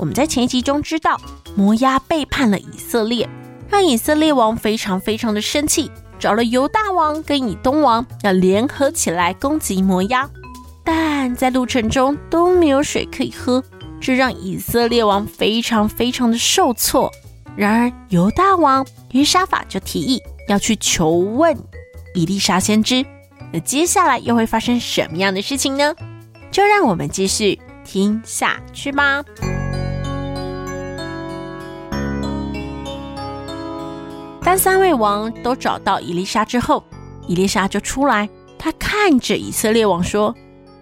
我們在前一集中知道，摩押背叛了以色列，讓以色列王非常非常的生氣，找了猶大王跟以東王要聯合起來攻擊摩押，但在路程中都沒有水可以喝，這讓以色列王非常非常的受挫。然而猶大王約沙法就提議要去求問以利沙先知。那接下來又會發生什麼樣的事情呢？就讓我們繼續聽下去吧。當三位王都找到以利沙之後，以利沙就出來。她看着以色列王說：“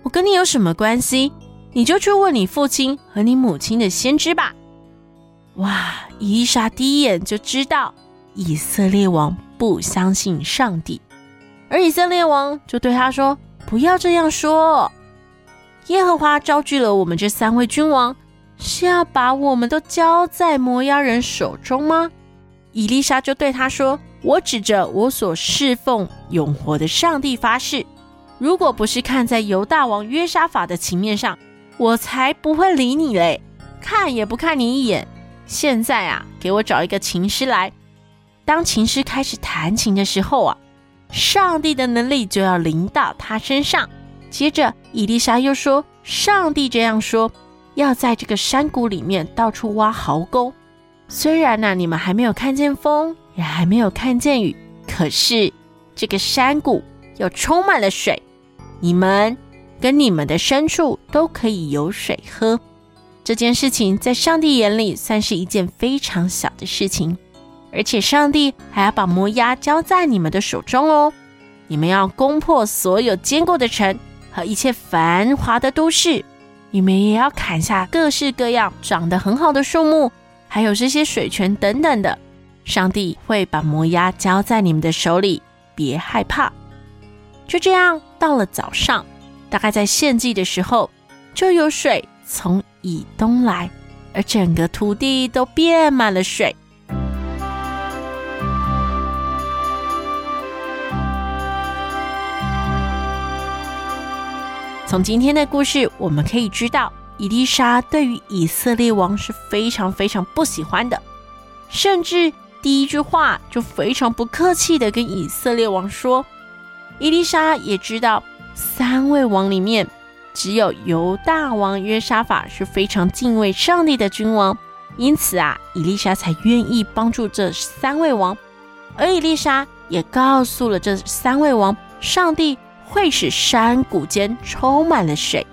我跟你有什麼關係？你就去問你父親和你母親的先知吧。”哇！以利沙第一眼就知道以色列王不相信上帝，而以色列王就對他說：“不要這樣說，耶和華召聚了我們這三位君王，是要把我們都交在摩押人手中嗎？”以利沙就對他說：“我指着我所侍奉永活的上帝發誓，如果不是看在猶大王約沙法的情面上，我才不會理你嘞，看也不看你一眼。現在啊，給我找一個琴師來。當琴師開始彈琴的時候啊，上帝的能力就要臨到他身上。接着，以利沙又說：上帝這樣說，要在這個山谷裡面到處挖壕溝。”雖然呢、啊，你們還沒有看見風，也還沒有看見雨，可是這個山谷又充滿了水，你們跟你們的牲畜都可以有水喝。這件事情在上帝眼裡算是一件非常小的事情，而且上帝還要把摩押交在你們的手中哦。你們要攻破所有堅固的城和一切繁華的都市，你們也要砍下各式各樣長得很好的樹木。還有這些水泉等等的，上帝會把摩押交在你們的手裡，別害怕。就這樣，到了早上，大概在獻祭的時候，就有水從以東來，而整個土地都變滿了水。從今天的故事，我們可以知道。以利沙對於以色列王是非常非常不喜歡的，甚至第一句話就非常不客氣的跟以色列王說。以利沙也知道三位王裡面只有猶大王約沙法是非常敬畏上帝的君王，因此啊，以利沙才願意幫助這三位王，而以利沙也告訴了這三位王，上帝會使山谷間充滿了水。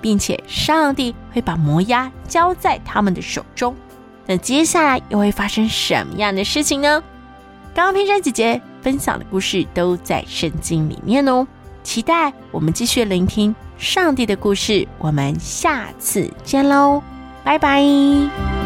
並且上帝會把摩押交在他們的手中，那接下來又會發生什麼樣的事情呢？剛剛佩珊姐姐分享的故事都在聖經裡面哦，期待我們繼續聆聽上帝的故事，我們下次見嘍，拜拜。